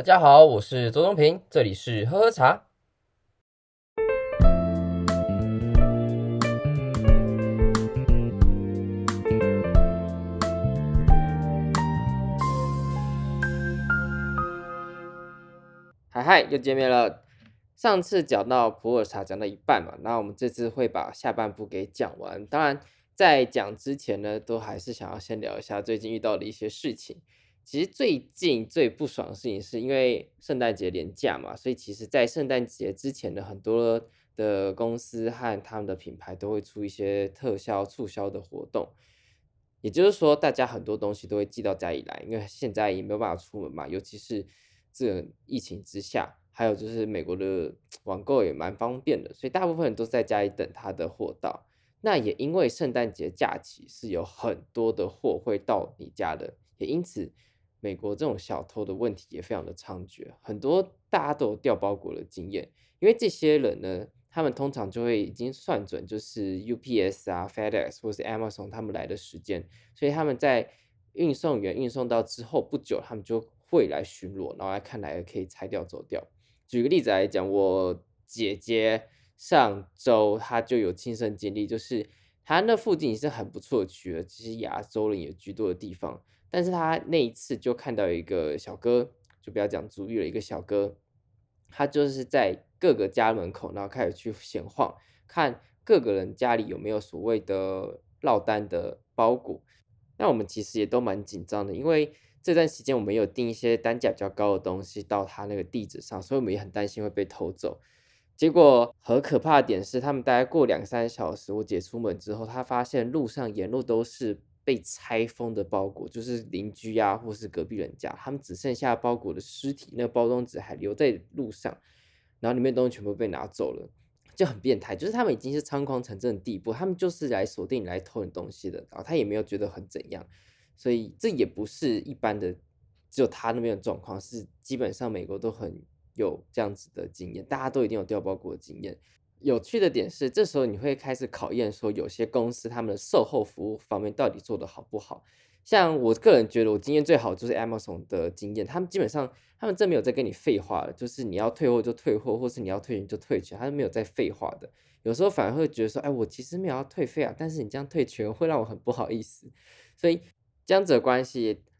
大家好，我是周中平，這裡是喝喝茶。嗨嗨，又見面了。上次講到普洱茶講到一半嘛，那我們這次會把下半部給講完。當然，在講之前呢，都還是想要先聊一下最近遇到的一些事情。其實最近最不爽的事情，是因為聖誕節連假嘛，所以其實，在聖誕節之前的很多的公司和他們的品牌都會出一些特銷促銷的活動，也就是說，大家很多東西都會寄到家裡來，因為現在也沒有辦法出門嘛，尤其是這疫情之下，還有就是美國的網購也蠻方便的，所以大部分人都在家裡等他的貨到。那也因為聖誕節假期是有很多的貨會到你家的，也因此。美國這種小偷的問題也非常的猖獗，很多大家都有掉包裹的經驗，因為這些人呢，他們通常就會已經算準就是 UPS 啊、啊、FedEx 或是 Amazon 他們來的時間，所以他們在運送員運送到之後不久，他們就會來巡邏，然後來看來可以拆掉走掉。舉個例子來講，我姐姐上周她就有親身經歷，就是她那附近是很不錯的區了，其實是亞洲人也居多的地方。但是他那一次就看到一個小哥，就不要講足浴了，一個小哥，他就是在各個家門口，然後開始去閒晃，看各個人家裡有沒有所謂的落單的包裹。那我們其實也都蠻緊張的，因為這段時間我們有訂一些單價比較高的東西到他那個地址上，所以我們也很擔心會被偷走。結果很可怕的點是，他們大概過兩三小時，我姐出門之後，她發現路上沿路都是。被拆封的包裹，就是鄰居呀、啊，或是隔壁人家，他們只剩下包裹的屍體，那個包裝紙還留在路上，然後裡面東西全部被拿走了，就很變態。就是他們已經是猖狂成真的地步，他們就是來鎖定你來偷你東西的，然後他也沒有覺得很怎樣，所以這也不是一般的，只有他那邊的狀況，是基本上美國都很有這樣子的經驗，大家都一定有掉包裹的經驗。有趣的點是，這時候你會開始考驗說，有些公司他們的售後服務方面到底做得好不好。像我個人覺得，我經驗最好就是 Amazon 的經驗，他們基本上他們真沒有在跟你廢話了，就是你要退貨就退貨，或是你要退錢就退錢，他是沒有在廢話的。有時候反而會覺得說，哎，我其實沒有要退費啊，但是你這樣退錢，會讓我很不好意思。所以這樣子的關係，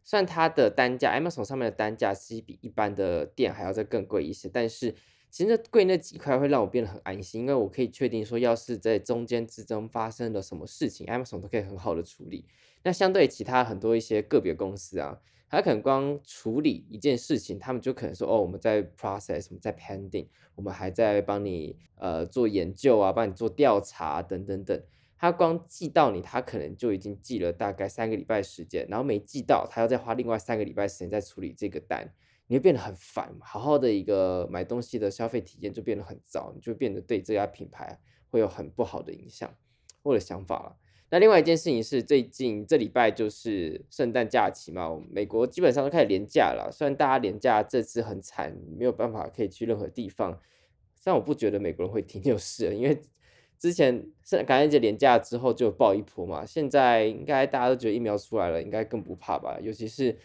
雖然它的單價，Amazon 上面的單價其實比一般的店還要再更貴一些，但是其實那貴那幾塊會讓我變得很安心，因為我可以確定說，要是在中間之中發生了什麼事情，Amazon 都可以很好的處理。那相對其他很多一些個別公司啊，他可能光處理一件事情，他們就可能說，哦，我們在 process，我們在 pending，我們還在幫你呃做研究啊，幫你做調查啊，等等等。他光寄到你，他可能就已經寄了大概三個禮拜時間，然後沒寄到，他要再花另外三個禮拜時間再處理這個單。你就變得很煩，好好的一個買東西的消費體驗就變得很糟，你就變得對這家品牌會有很不好的影響。我的想法了。那另外一件事情是，最近這禮拜就是聖誕假期嘛，我們美國基本上都開始連假了。雖然大家連假這次很慘，沒有辦法可以去任何地方，但我不覺得美國人會停就是，因為之前聖感恩節連假之後就爆一波嘛，現在應該大家都覺得疫苗出來了，應該更不怕吧，尤其是。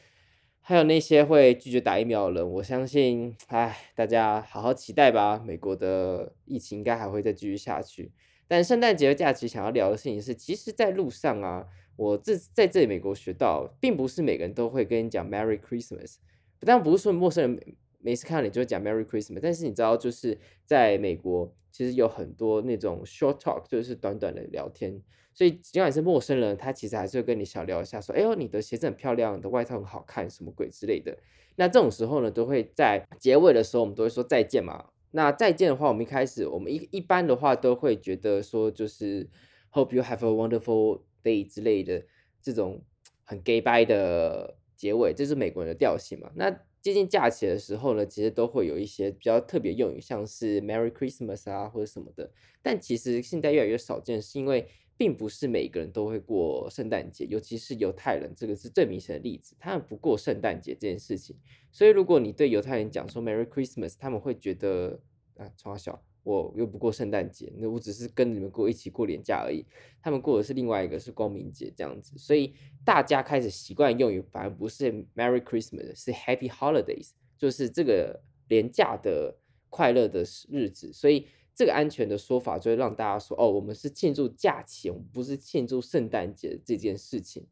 還有那些會拒絕打疫苗的人，我相信，哎，大家好好期待吧。美國的疫情應該還會再繼續下去。但聖誕節的假期想要聊的事情是，其實在路上啊，我這在，在這裡美國學到，並不是每個人都會跟你講 “Merry Christmas”，但不是說陌生人。每次看到你就會講 Merry Christmas，但是你知道，就是在美國，其實有很多那種 short talk，就是短短的聊天。所以只要是陌生人，他其實還是會跟你小聊一下，說：“哎呦，你的鞋子很漂亮，你的外套很好看，什麼鬼之類的。”那這種時候呢，都會在結尾的時候，我們都會說再見嘛。那再見的話，我們一開始，我們一一般的話，都會覺得說，就是 Hope you have a wonderful day 之類的這種很 gay bye 的結尾，這是美國人的調性嘛？那。接近假期的時候呢，其實都會有一些比較特別用語，像是 Merry Christmas 啊或者什麼的。但其實現在越來越少見，是因為並不是每個人都會過聖誕節，尤其是猶太人，這個是最明顯的例子，他們不過聖誕節這件事情。所以如果你對猶太人講說 Merry Christmas，他們會覺得，啊，超好我又不過聖誕節，那我只是跟你們過一起過年假而已。他們過的是另外一個是光明節這樣子，所以大家開始習慣用語反而不是 Merry Christmas，是 Happy Holidays，就是這個連假的快樂的日子。所以這個安全的說法就會讓大家說哦，我們是慶祝假期，我們不是慶祝聖誕節這件事情，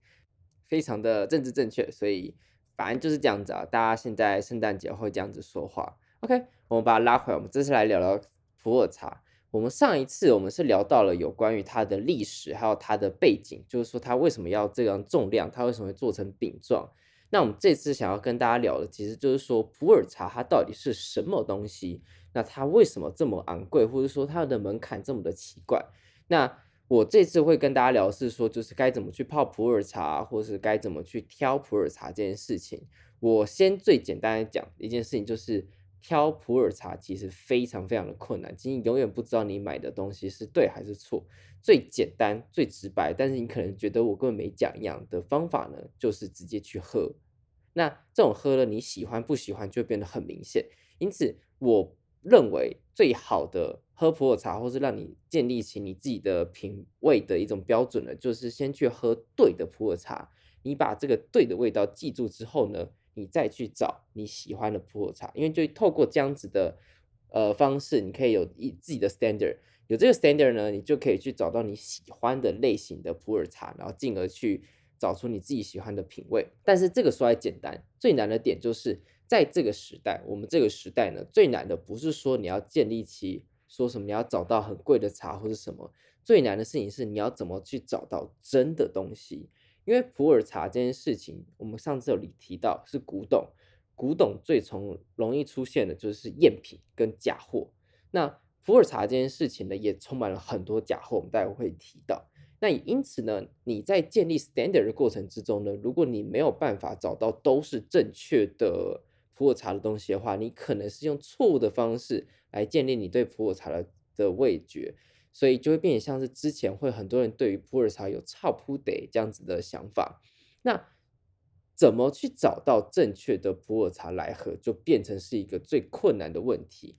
非常的政治正確。所以反正就是這樣子啊，大家現在聖誕節會這樣子說話。OK，我們把它拉回來，我們這次來聊聊。普洱茶，我們上一次我們是聊到了有關於它的歷史，還有它的背景，就是說它為什麼要這樣重量，它為什麼會做成餅狀。那我們這次想要跟大家聊的，其實就是說普洱茶它到底是什麼東西，那它為什麼這麼昂貴，或者說它的門檻這麼的奇怪。那我這次會跟大家聊是說，就是該怎麼去泡普洱茶，或者是該怎麼去挑普洱茶這件事情。我先最簡單的講一件事情，就是。挑普洱茶其實非常非常的困難，因為你永遠不知道你買的東西是對還是錯。最簡單、最直白，但是你可能覺得我根本沒講一樣的方法呢，就是直接去喝。那這種喝了你喜歡不喜歡就變得很明顯。因此，我認為最好的喝普洱茶，或是讓你建立起你自己的品味的一種標準呢，就是先去喝對的普洱茶。你把這個對的味道記住之後呢，你再去找你喜歡的普洱茶，因為就透過這樣子的呃方式，你可以有你自己的 standard。有這個 standard 呢，你就可以去找到你喜歡的類型的普洱茶，然後進而去找出你自己喜歡的品味。但是這個說來簡單，最難的點就是在這個時代，我們這個時代呢，最難的不是說你要建立起說什麼你要找到很貴的茶或是什麼，最難的事情是你要怎麼去找到真的東西。因為普洱茶這件事情，我們上次有提到是古董，古董最從容易出現的就是贗品跟假貨。那普洱茶這件事情呢，也充滿了很多假貨，我們待會會提到。那因此呢，你在建立 standard 的過程之中呢，如果你沒有辦法找到都是正確的普洱茶的東西的話，你可能是用錯誤的方式來建立你對普洱茶的的味覺。所以就會變成像是之前會很多人對於普洱茶有臭噗得這樣子的想法，那怎麼去找到正確的普洱茶來喝，就變成是一個最困難的問題。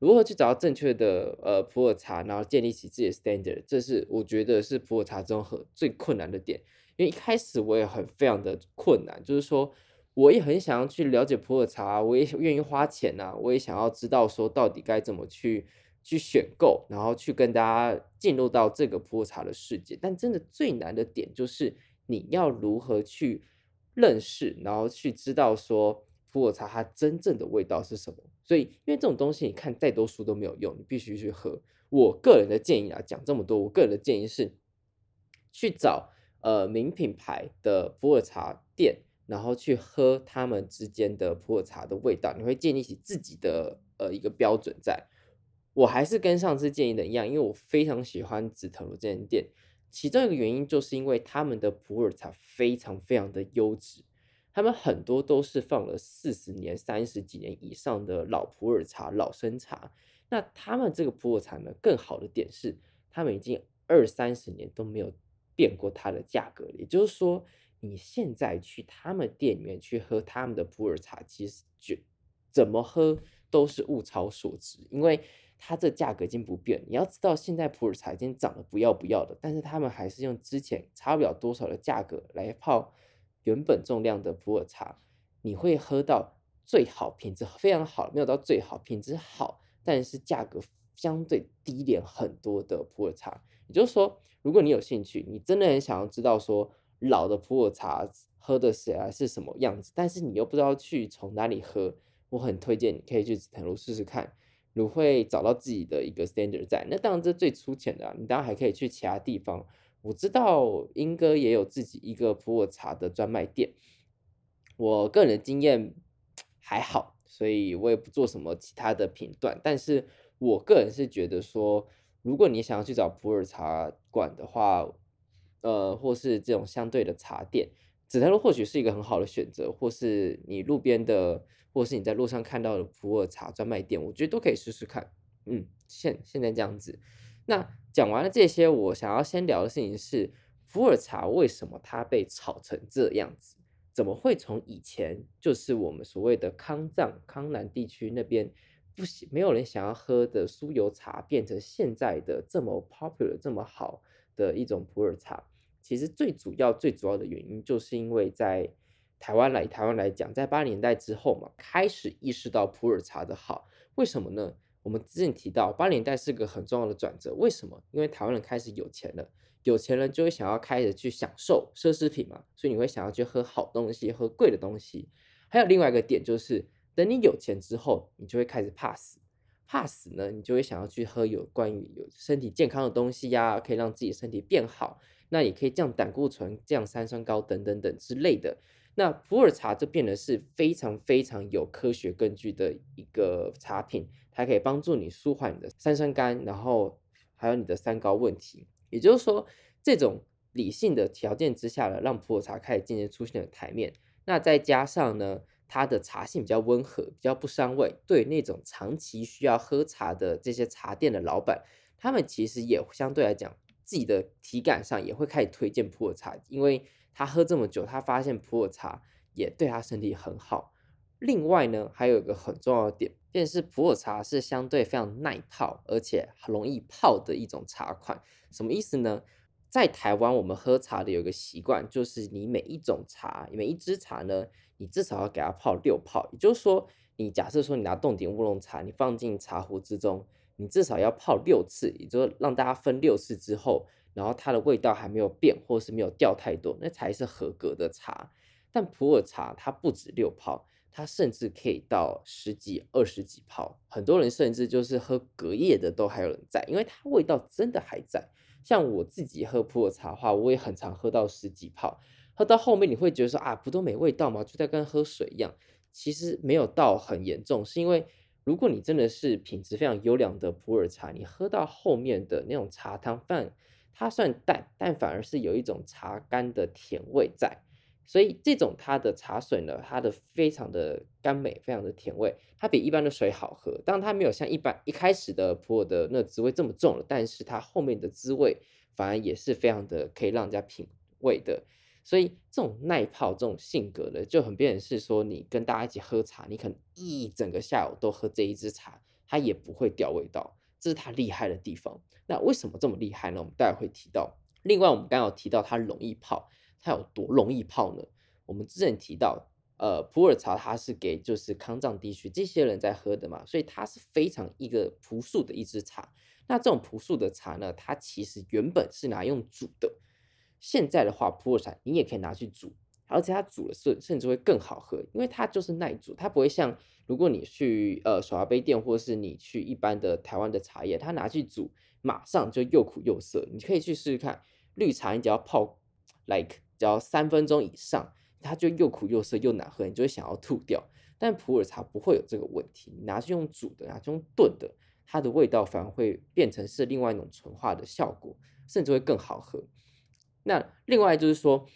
如何去找到正確的呃普洱茶，然後建立起自己的 standard？這是我覺得是普洱茶中喝最困難的點。因為一開始我也很非常的困難，就是說我也很想要去了解普洱茶，我也願意花錢吶、啊，我也想要知道說到底該怎麼去。去選購，然後去跟大家進入到這個普洱茶的世界。但真的最難的點就是，你要如何去認識，然後去知道說普洱茶它真正的味道是什麼。所以，因為這種東西，你看再多書都沒有用，你必須去喝。我個人的建議啊，講這麼多，我個人的建議是，去找呃名品牌的普洱茶店，然後去喝他們之間的普洱茶的味道，你會建立起自己的呃一個標準在。我還是跟上次建議的一樣，因為我非常喜歡紫藤廬這間店，其中一個原因就是因為他們的普洱茶非常非常的優質，他們很多都是放了四十年、三十幾年以上的老普洱茶、老生茶。那他們這個普洱茶呢，更好的點是，他們已經二三十年都沒有變過它的價格了，也就是說，你現在去他們店裡面去喝他們的普洱茶，其實就怎麼喝都是物超所值，因為，它這價格已經不變，你要知道現在普洱茶已經漲得不要不要的，但是他們還是用之前差不了多少的價格來泡原本重量的普洱茶，你會喝到最好品質非常好，沒有到最好品質好，但是價格相對低廉很多的普洱茶。也就是說，如果你有興趣，你真的很想要知道說老的普洱茶喝的起來是什麼樣子，但是你又不知道去從哪裡喝，我很推薦你可以去紫藤廬試試看。你會找到自己的一個 standard 在，那當然這最粗淺的啊，你當然還可以去其他地方。我知道鶯歌也有自己一個普洱茶的專賣店，我個人的經驗還好，所以我也不做什麼其他的評斷。但是我個人是覺得說，如果你想要去找普洱茶館的話，呃，或是這種相對的茶店，紫藤廬或許是一個很好的選擇，或是你路邊的。或是你在路上看到的普洱茶專賣店，我覺得都可以試試看。嗯，現在現在這樣子。那講完了這些，我想要先聊的事情是，普洱茶為什麼它被炒成這樣子？怎麼會從以前就是我們所謂的康藏、康南地區那邊不沒有人想要喝的酥油茶，變成現在的這麼 popular、這麼好的一種普洱茶？其實最主要、最主要的原因就是因為在台灣來台灣來講，在八零年代之後嘛，開始意識到普洱茶的好。為什麼呢？我們之前提到八零年代是個很重要的轉折。為什麼？因為台灣人開始有錢了，有錢人就會想要開始去享受奢侈品嘛，所以你會想要去喝好東西，喝貴的東西。還有另外一個點就是，等你有錢之後，你就會開始怕死。怕死呢，你就會想要去喝有關於有身體健康的東西呀、啊，可以讓自己身體變好。那也可以降膽固醇、降三酸高等等等之類的。那普洱茶就變得是非常非常有科學根據的一個茶品，它可以幫助你舒緩你的三酸甘，然後還有你的三高問題。也就是說，這種理性的條件之下呢，讓普洱茶開始漸漸出現了台面。那再加上呢，它的茶性比較溫和，比較不傷胃，對那種長期需要喝茶的這些茶店的老板，他們其實也相對來講，自己的體感上也會開始推薦普洱茶，因為他喝這麼久，他發現普洱茶也對他身體很好。另外呢，還有一個很重要的點，便是普洱茶是相對非常耐泡，而且很容易泡的一種茶款。什麼意思呢？在台灣，我們喝茶的有一個習慣，就是你每一種茶，每一支茶呢，你至少要給它泡六泡。也就是說，你假設說你拿凍頂烏龍茶，你放進茶壺之中，你至少要泡六次，也就是讓大家分六次之後。然後它的味道，還沒有變，或是沒有掉太多，那才是合格的茶。但普洱茶它不止六泡，它甚至可以到十幾、二十幾泡。很多人甚至就是喝隔夜的都還有人在，因為它味道真的還在。像我自己喝普洱茶的話，我也很常喝到十幾泡，喝到後面你會覺得說，啊，不都沒味道嗎？就在跟喝水一樣。其實沒有到很嚴重，是因為如果你真的是品質非常優良的普洱茶，你喝到後面的那種茶湯飯。它算淡，但反而是有一種茶乾的甜味在，所以這種它的茶水呢，它的非常的甘美，非常的甜味，它比一般的水好喝，當然它沒有像一般一開始的普洱的那個滋味這麼重了，但是它後面的滋味反而也是非常的可以讓人家品味的，所以這種耐泡這種性格呢，就很變成是說，你跟大家一起喝茶，你可能一整個下午都喝這一支茶，它也不會掉味道。這是它厲害的地方。那為什麼這麼厲害呢？我們待會會提到。另外，我們剛剛有提到它容易泡，它有多容易泡呢？我們之前提到，呃，普洱茶它是給就是康藏地區這些人在喝的嘛，所以它是非常一個樸素的一支茶。那這種樸素的茶呢，它其實原本是拿來用煮的。現在的話，普洱茶你也可以拿去煮。而且它煮了是甚至會更好喝，因為它就是耐煮，它不會像如果你去呃手搖杯店或是你去一般的台灣的茶葉，它拿去煮馬上就又苦又澀。你可以去試試看，綠茶你只要泡，like 只要三分鐘以上，它就又苦又澀又難喝，你就會想要吐掉。但普洱茶不會有這個問題，你拿去用煮的，拿去用燉的，它的味道反而會變成是另外一種醇化的效果，甚至會更好喝。那另外就是說。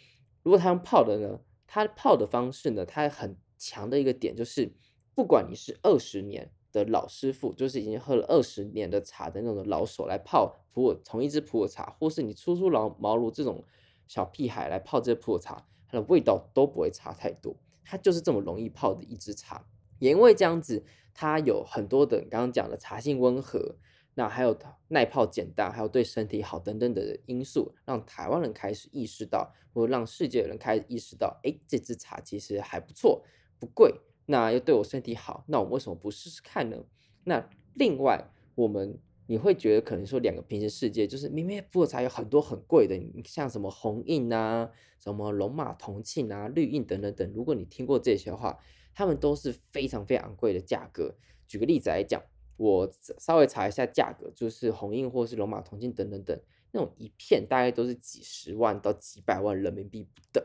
如果他用泡的呢，它泡的方式呢，它很強的一個點就是，不管你是二十年的老師傅，就是已經喝了二十年的茶的那種的老手來泡普洱，同一支普洱茶，或是你初出老茅廬這種小屁孩來泡這普洱茶，它的味道都不會差太多，它就是這麼容易泡的一支茶，也因為這樣子，它有很多的你剛剛講的茶性溫和。那還有耐泡、簡單，還有對身體好等等的因素，讓台灣人開始意識到，或者讓世界人開始意識到，哎，這支茶其實還不錯，不貴，那又對我身體好，那我們為什麼不試試看呢？那另外，我們你會覺得可能說，兩個平行世界，就是明明普洱茶有很多很貴的，像什麼紅印吶、啊，什麼龍馬同慶啊、綠印等等等。如果你聽過這些的話，他們都是非常非常貴的價格。舉個例子來講。我稍微查一下價格，就是紅印或是龍馬同慶等等等，那種一片大概都是幾十萬到幾百萬人民幣不等。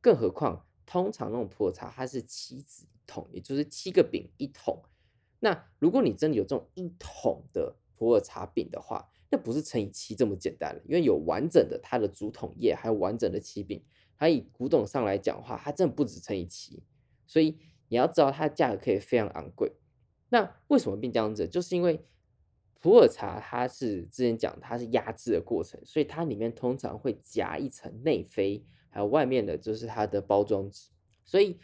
更何況，通常那種普洱茶它是七子一桶，也就是七個餅一桶。那如果你真的有這種一桶的普洱茶餅的話，那不是乘以七這麼簡單了，因為有完整的它的竹筒葉，還有完整的七餅，它以古董上來講話，它真的不止乘以七。所以你要知道它的價格可以非常昂貴。那為什麼變這樣子？就是因為普洱茶它是之前講它是壓制的過程，所以它裡面通常會夾一層內飛，還有外面的就是它的包裝紙，所以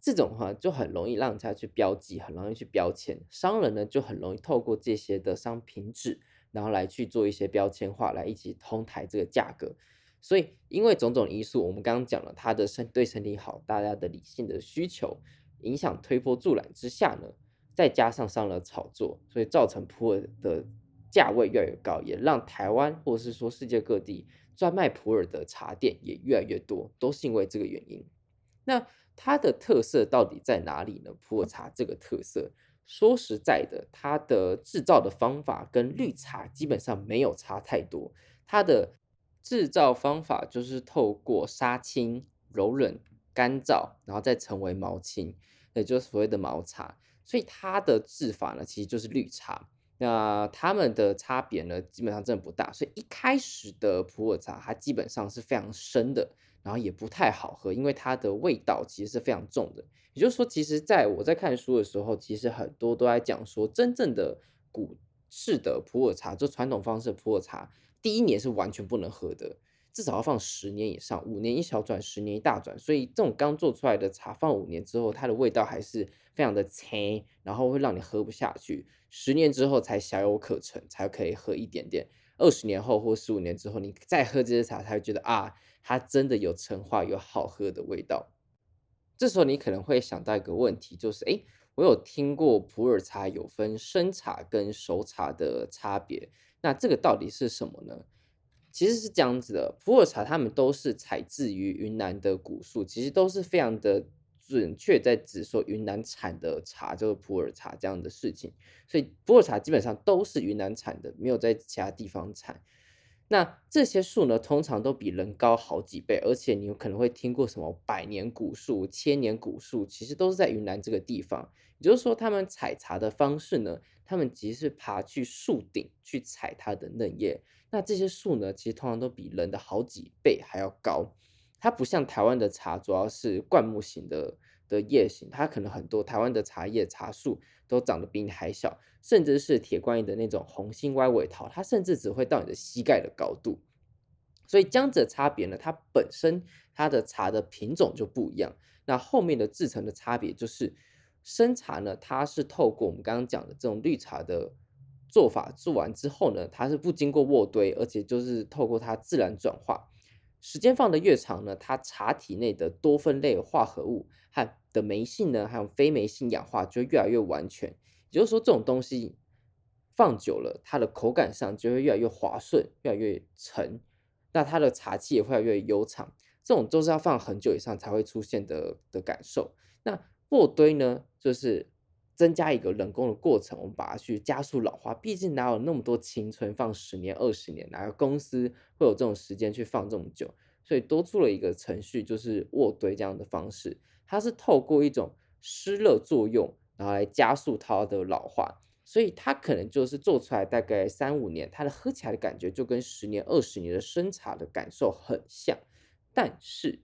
這種話就很容易讓人家去標記，很容易去標籤。商人呢就很容易透過這些的商品紙，然後來去做一些標籤化，來一起通台這個價格。所以因為種種因素，我們剛剛講了它的身，對身體好，大家的理性的需求影響推波助瀾之下呢。再加上上了炒作，所以造成普洱的價位越來越高，也讓台灣或者是說世界各地專賣普洱的茶店也越來越多，都是因為這個原因。那它的特色到底在哪裡呢？普洱茶這個特色，說實在的，它的製造的方法跟綠茶基本上沒有差太多。它的製造方法就是透過殺青、揉捻、乾燥，然後再成為毛青，也就是所謂的毛茶。所以它的製法呢，其實就是綠茶。那它們的差別呢，基本上真的不大。所以一開始的普洱茶，它基本上是非常生的，然後也不太好喝，因為它的味道其實是非常重的。也就是說，其實在我在看書的時候，其實很多都在講說，真正的古式的普洱茶，就傳統方式的普洱茶，第一年是完全不能喝的。至少要放十年以上，五年一小轉，十年一大轉。所以這種剛做出來的茶，放五年之後，它的味道還是非常的青，然後會讓你喝不下去。十年之後才小有可成，才可以喝一點點。二十年後或十五年之後，你再喝這些茶，才會覺得啊，它真的有陳化，有好喝的味道。這時候你可能會想到一個問題，就是哎，我有聽過普洱茶有分生茶跟熟茶的差別，那這個到底是什麼呢？其實是這樣子的，普洱茶他們都是採自於雲南的古樹，其實都是非常的準確在指說雲南產的茶，就是普洱茶這樣的事情，所以普洱茶基本上都是雲南產的，沒有在其他地方產。那這些樹呢，通常都比人高好幾倍，而且你有可能會聽過什麼百年古樹、千年古樹，其實都是在雲南這個地方。也就是說，他們採茶的方式呢，他們即是爬去樹頂去採它的嫩葉。那這些樹呢，其實通常都比人的好幾倍還要高。它不像台灣的茶，主要是灌木型的的葉型，它可能很多台灣的茶葉茶樹。都長得比你還小，甚至是鐵觀音的那種紅心歪尾桃，它甚至只會到你的膝蓋的高度。所以姜浙差別呢，它本身它的茶的品種就不一樣。那後面的制成的差別就是，生茶呢，它是透過我們剛剛講的這種綠茶的做法做完之後呢，它是不經過渥堆，而且就是透過它自然轉化，時間放的越長呢，它茶體內的多酚類化合物和的酶性呢，還有非酶性氧化就越來越完全，也就是說這種東西放久了，它的口感上就會越來越滑順，越來越沉，那它的茶氣也會越來越悠長。這種都是要放很久以上才會出現的的感受。那渥堆呢，就是增加一個人工的過程，我們把它去加速老化。畢竟哪有那麼多青春，放十年、二十年？哪個公司會有這種時間去放這麼久？所以多做了一個程序，就是渥堆這樣的方式。它是透過一種濕熱作用，然後來加速它的老化，所以它可能就是做出來大概三五年，它的喝起來的感覺就跟十年、二十年的生茶的感受很像。但是，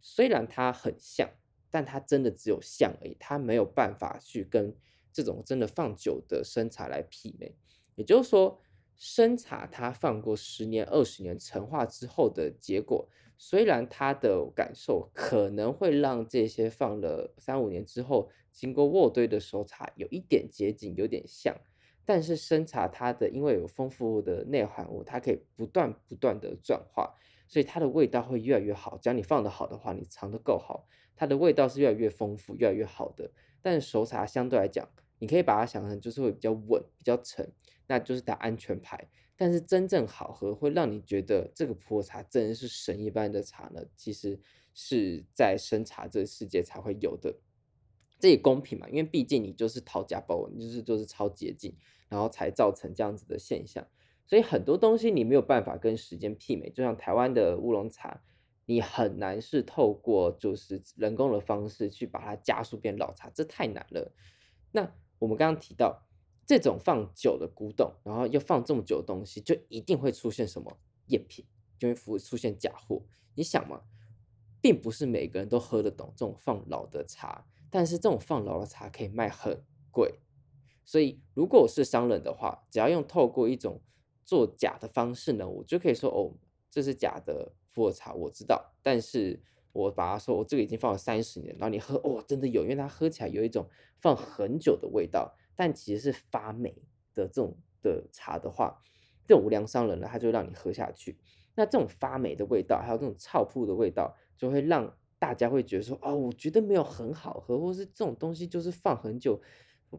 雖然它很像，但它真的只有像而已，它沒有辦法去跟這種真的放久的生茶來媲美。也就是說，生茶它放過十年、二十年陳化之後的結果。雖然它的感受可能會讓這些放了三五年之後經過渥堆的熟茶有一點接近，有點像，但是生茶它的因為有豐富的內含物，它可以不斷不斷的轉化，所以它的味道會越來越好。只要你放得好的話，你藏得夠好，它的味道是越來越豐富、越來越好的。但是熟茶相對來講，你可以把它想成就是會比較穩、比較沉，那就是打安全牌。但是真正好喝，會讓你覺得這個普洱茶真的是神一般的茶呢，其實是在生茶這個世界才會有的。這也公平嘛，因為畢竟你就是討價包文，你就是就是抄捷徑，然後才造成這樣子的現象。所以很多東西你沒有辦法跟時間媲美，就像台灣的烏龍茶，你很難是透過就是人工的方式去把它加速變老茶，這太難了。那我們剛剛提到。這種放久的古董，然後又放這麼久的東西，就一定會出現什麼贗品，就會出出現假貨。你想嘛？並不是每個人都喝得懂這種放老的茶，但是這種放老的茶可以賣很貴。所以，如果我是商人的話，只要用透過一種做假的方式呢，我就可以說哦，這是假的普洱茶，我知道。但是，我把它說，我這個已經放了三十年，然後你喝，哦，真的有，因為它喝起來有一種放很久的味道。但其實是發霉的這種的茶的話，這種無良商人呢，他就讓你喝下去。那這種發霉的味道，還有這種臭噗的味道，就會讓大家會覺得說，哦，我覺得沒有很好喝，或是這種東西就是放很久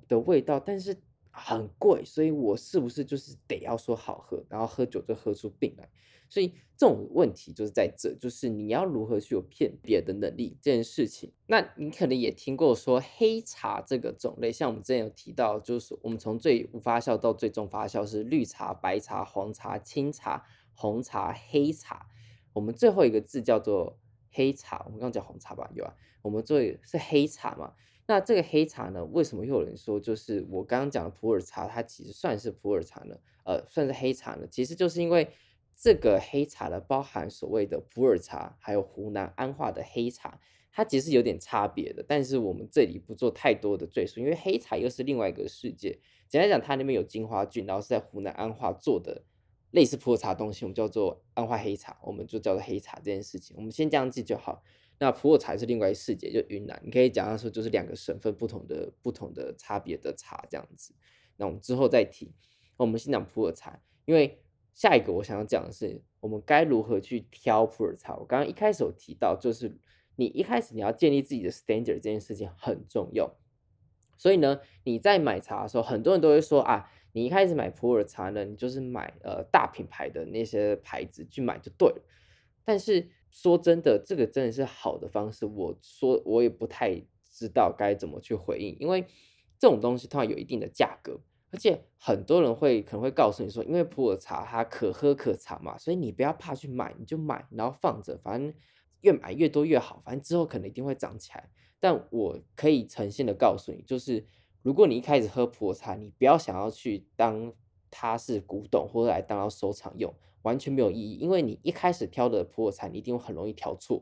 的味道，但是。很貴，所以我是不是就是得要說好喝，然後喝酒就喝出病來？所以這種問題就是在這，就是你要如何去有辨別的能力這件事情。那你可能也聽過說黑茶這個種類，像我們之前有提到，就是我們從最無發酵到最終發酵是綠茶、白茶、黃茶、青茶、紅茶、黑茶。我們最後一個字叫做黑茶，我們剛剛講紅茶吧，有啊，我們最是黑茶嘛。那這個黑茶呢？為什麼又有人說就是我剛剛講的普洱茶，它其實算是普洱茶呢？呃，算是黑茶呢？其實就是因為這個黑茶呢，包含所謂的普洱茶，還有湖南安化的黑茶，它其實有點差別的。但是我們這裡不做太多的贅述，因為黑茶又是另外一個世界。簡單講，它那邊有金花菌，然後是在湖南安化做的類似普洱茶的東西，我們叫做安化黑茶，我們就叫做黑茶這件事情，我們先這樣記就好。那普洱茶是另外一世界，就雲南，你可以講到說，就是兩個省份不同的、不同的差別的茶這樣子。那我們之後再提。我們先講普洱茶，因為下一個我想要講的是，我們該如何去挑普洱茶。我剛剛一開始有提到，就是你一開始你要建立自己的 standard 這件事情很重要。所以呢，你在買茶的時候，很多人都會說啊，你一開始買普洱茶呢，你就是買呃大品牌的那些牌子去買就對了。但是。說真的，這個真的是好的方式。我說我也不太知道該怎麼去回應，因為這種東西它有一定的價格，而且很多人會可能會告訴你說，因為普洱茶它可喝可藏嘛，所以你不要怕去買，你就買，然後放着，反正越買越多越好，反正之後可能一定會漲起來。但我可以誠心的告訴你，就是如果你一開始喝普洱茶，你不要想要去當它是古董或者來當收藏用。完全沒有意義，因為你一開始挑的普洱茶，你一定會很容易挑錯。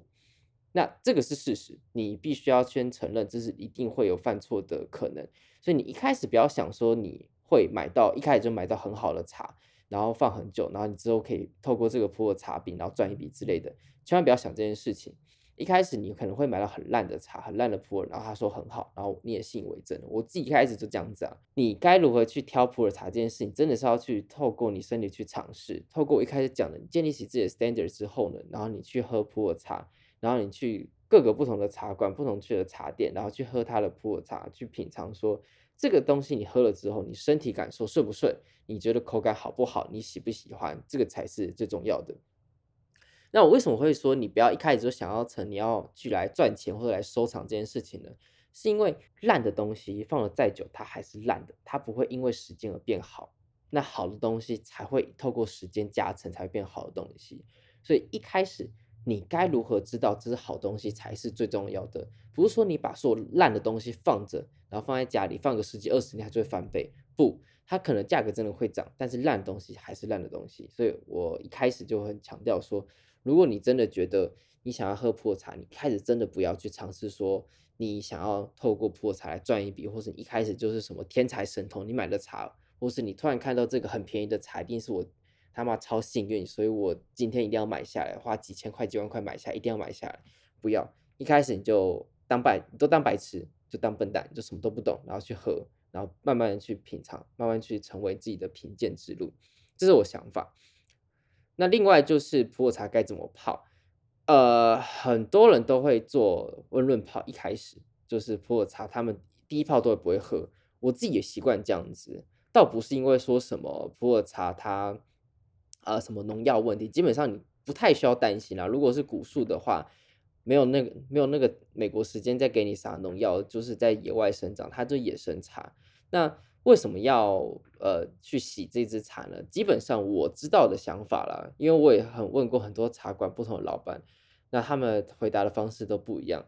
那這個是事實，你必須要先承認這是一定會有犯錯的可能，所以你一開始不要想說你會買到一開始就買到很好的茶，然後放很久，然後你之後可以透過這個普洱茶餅然後賺一筆之類的，千萬不要想這件事情。一開始你可能會買到很爛的茶，很爛的普洱，然後他說很好，然後你也信以為真的。我自己一開始就這樣子啊。你該如何去挑普洱茶這件事，你真的是要去透過你身體去嘗試，透過我一開始講的，建立起自己的 standard 之後呢，然後你去喝普洱茶，然後你去各個不同的茶館、不同區的茶店，然後去喝他的普洱茶，去品嘗說這個東西你喝了之後，你身體感受順不順，你覺得口感好不好，你喜不喜歡，這個才是最重要的。那我為什麼會說你不要一開始就想要成你要去來賺錢或者來收藏這件事情呢？是因為爛的東西放的再久，它還是爛的，它不會因為時間而變好。那好的東西才會透過時間加成，才會變好的東西。所以一開始你該如何知道這是好東西才是最重要的。不是說你把所有爛的東西放着，然後放在家裡放個十幾二十年它就會翻倍。不，它可能價格真的會漲，但是爛東西還是爛的東西。所以我一開始就很強調說，如果你真的覺得你想要喝普洱茶，你開始真的不要去嘗試說你想要透過普洱茶來賺一筆，或是你一開始就是什麼天才神童，你買了茶了，或是你突然看到這個很便宜的茶，一定是我他媽超幸運，所以我今天一定要買下來，花幾千塊、幾萬塊買下來，一定要買下來。不要一開始你就當白，都當白痴，就當笨蛋，就什麼都不懂，然後去喝。然後慢慢的去品嘗，慢慢去成為自己的品鑑之路，這是我想法。那另外就是普洱茶該怎麼泡？呃，很多人都會做溫潤泡，一開始就是普洱茶，他們第一泡都不會喝。我自己也習慣這樣子，倒不是因為說什麼普洱茶它，呃，什麼農藥問題，基本上你不太需要擔心啦。如果是古樹的話，沒有那個沒有那個美國時間再給你撒農藥，就是在野外生長，它就野生茶。那為什麼要呃去洗這支茶呢？基本上我知道的想法啦，因為我也很問過很多茶館不同的老板，那他們回答的方式都不一樣。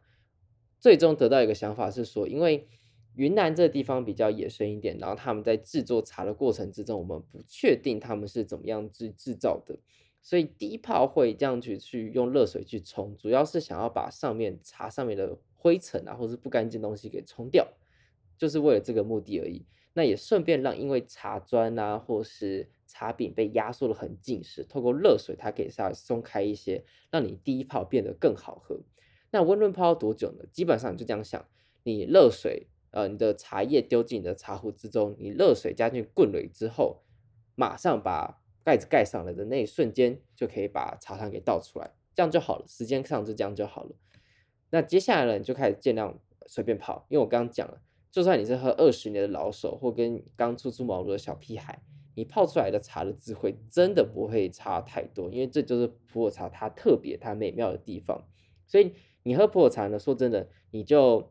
最終得到一個想法是說，因為雲南這個地方比較野生一點，然後他們在制作茶的過程之中，我們不確定他們是怎麼樣去製造的，所以第一泡會這樣去去用熱水去沖，主要是想要把上面茶上面的灰塵啊，或是不乾淨東西給沖掉。就是為了這個目的而已。那也順便讓，因為茶磚啊或是茶餅被壓縮的很緊實，透過熱水它可以稍微鬆開一些，讓你第一泡變得更好喝。那溫潤泡多久呢？基本上你就這樣想，你熱水呃你的茶葉丟進你的茶壺之中，你熱水加進去滾，了之後，馬上把蓋子蓋上來的那一瞬間就可以把茶湯給倒出來，這樣就好了。時間上就這樣就好了。那接下來呢，你就開始儘量隨便泡，因為我剛剛講了。就算你是喝二十年的老手，或跟剛初出茅廬的小屁孩，你泡出來的茶的滋味真的不會差太多，因為這就是普洱茶它特別它美妙的地方。所以你喝普洱茶呢，說真的，你就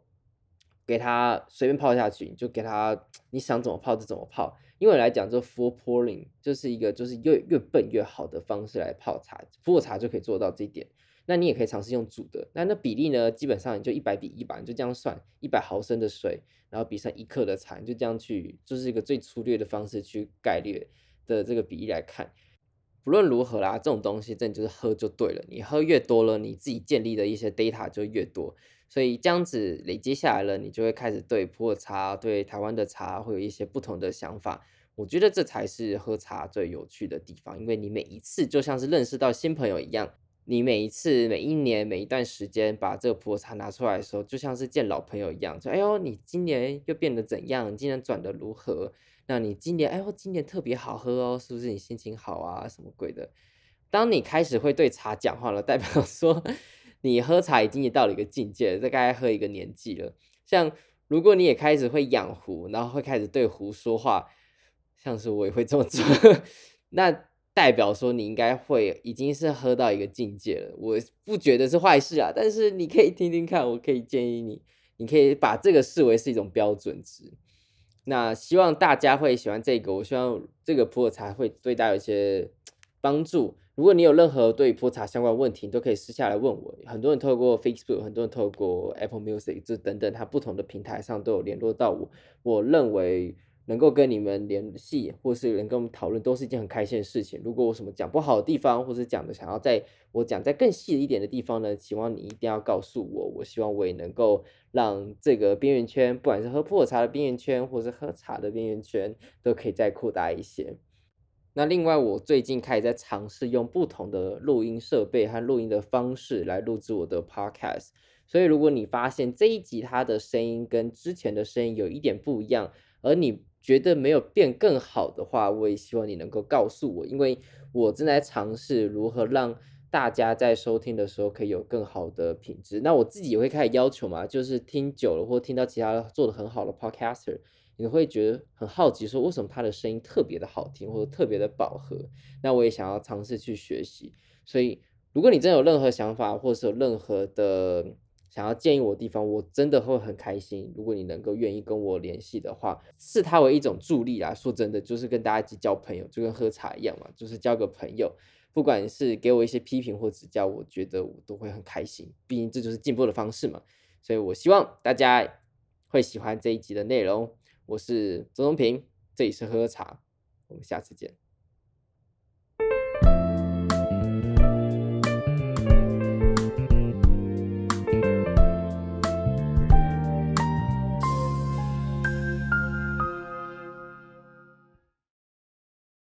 給它隨便泡下去，你就給它你想怎麼泡就怎麼泡。因為來講，這 full pouring 就是一個就是越越笨越好的方式來泡茶，普洱茶就可以做到這一點。那你也可以嘗試用煮的，那那比例呢，基本上你就一百比一百，你就這樣算，一百毫升的水，然後比上一克的茶，你就這樣去，就是一個最粗略的方式去概略的這個比例來看。不論如何啦，這種東西真的就是喝就對了。你喝越多了，你自己建立的一些 data 就越多，所以這樣子累積下來了，你就會開始對普洱茶、對台灣的茶會有一些不同的想法。我覺得這才是喝茶最有趣的地方，因為你每一次就像是認識到新朋友一樣。你每一次、每一年、每一段時間把這個普洱茶拿出來的時候，就像是見老朋友一樣，說：“哎呦，你今年又變得怎樣？你今年轉得如何？那你今年，哎呦，今年特別好喝哦，是不是？你心情好啊，什麼鬼的？”當你開始會對茶講話了，代表說你喝茶已經也到了一個境界，這該喝一個年紀了。像如果你也開始會養壺，然後會開始對壺說話，像是我也會這麼做， 那。代表說你應該會已經是喝到一個境界了，我不覺得是壞事啊，但是你可以聽聽看，我可以建議你，你可以把這個視為是一種標準值。那希望大家會喜歡這個，我希望這個普洱茶會對大家有一些幫助。如果你有任何對普洱茶相關問題，你都可以私下來問我。很多人透過 Facebook，很多人透過 Apple Music 就等等，它不同的平台上都有聯絡到我。我認為。能夠跟你們聯繫，或是人跟我們討論，都是一件很開心的事情。如果我什麼講不好的地方，或者講的想要在我講在更細一點的地方呢，希望你一定要告訴我。我希望我也能夠讓這個邊緣圈，不管是喝普洱茶的邊緣圈，或是喝茶的邊緣圈，都可以再擴大一些。那另外，我最近開始在嘗試用不同的錄音設備和錄音的方式來錄制我的 Podcast，所以如果你發現這一集它的聲音跟之前的聲音有一點不一樣，而你。覺得沒有變更好的話，我也希望你能夠告訴我，因為我正在嘗試如何讓大家在收聽的時候可以有更好的品質。那我自己也會開始要求嘛，就是聽久了或聽到其他做得很好的 podcaster，你會覺得很好奇，說為什麼他的聲音特別的好聽或者特別的飽和？那我也想要嘗試去學習。所以，如果你真的有任何想法，或者是有任何的，想要建議我的地方，我真的會很開心。如果你能夠願意跟我聯繫的話，視它為一種助力啦、啊。說真的，就是跟大家一起交朋友，就跟喝茶一樣嘛，就是交個朋友。不管是給我一些批評或指教，我覺得我都會很開心。畢竟這就是進步的方式嘛。所以我希望大家會喜歡這一集的內容。我是周中平，這裡是呵呵茶，我們下次見。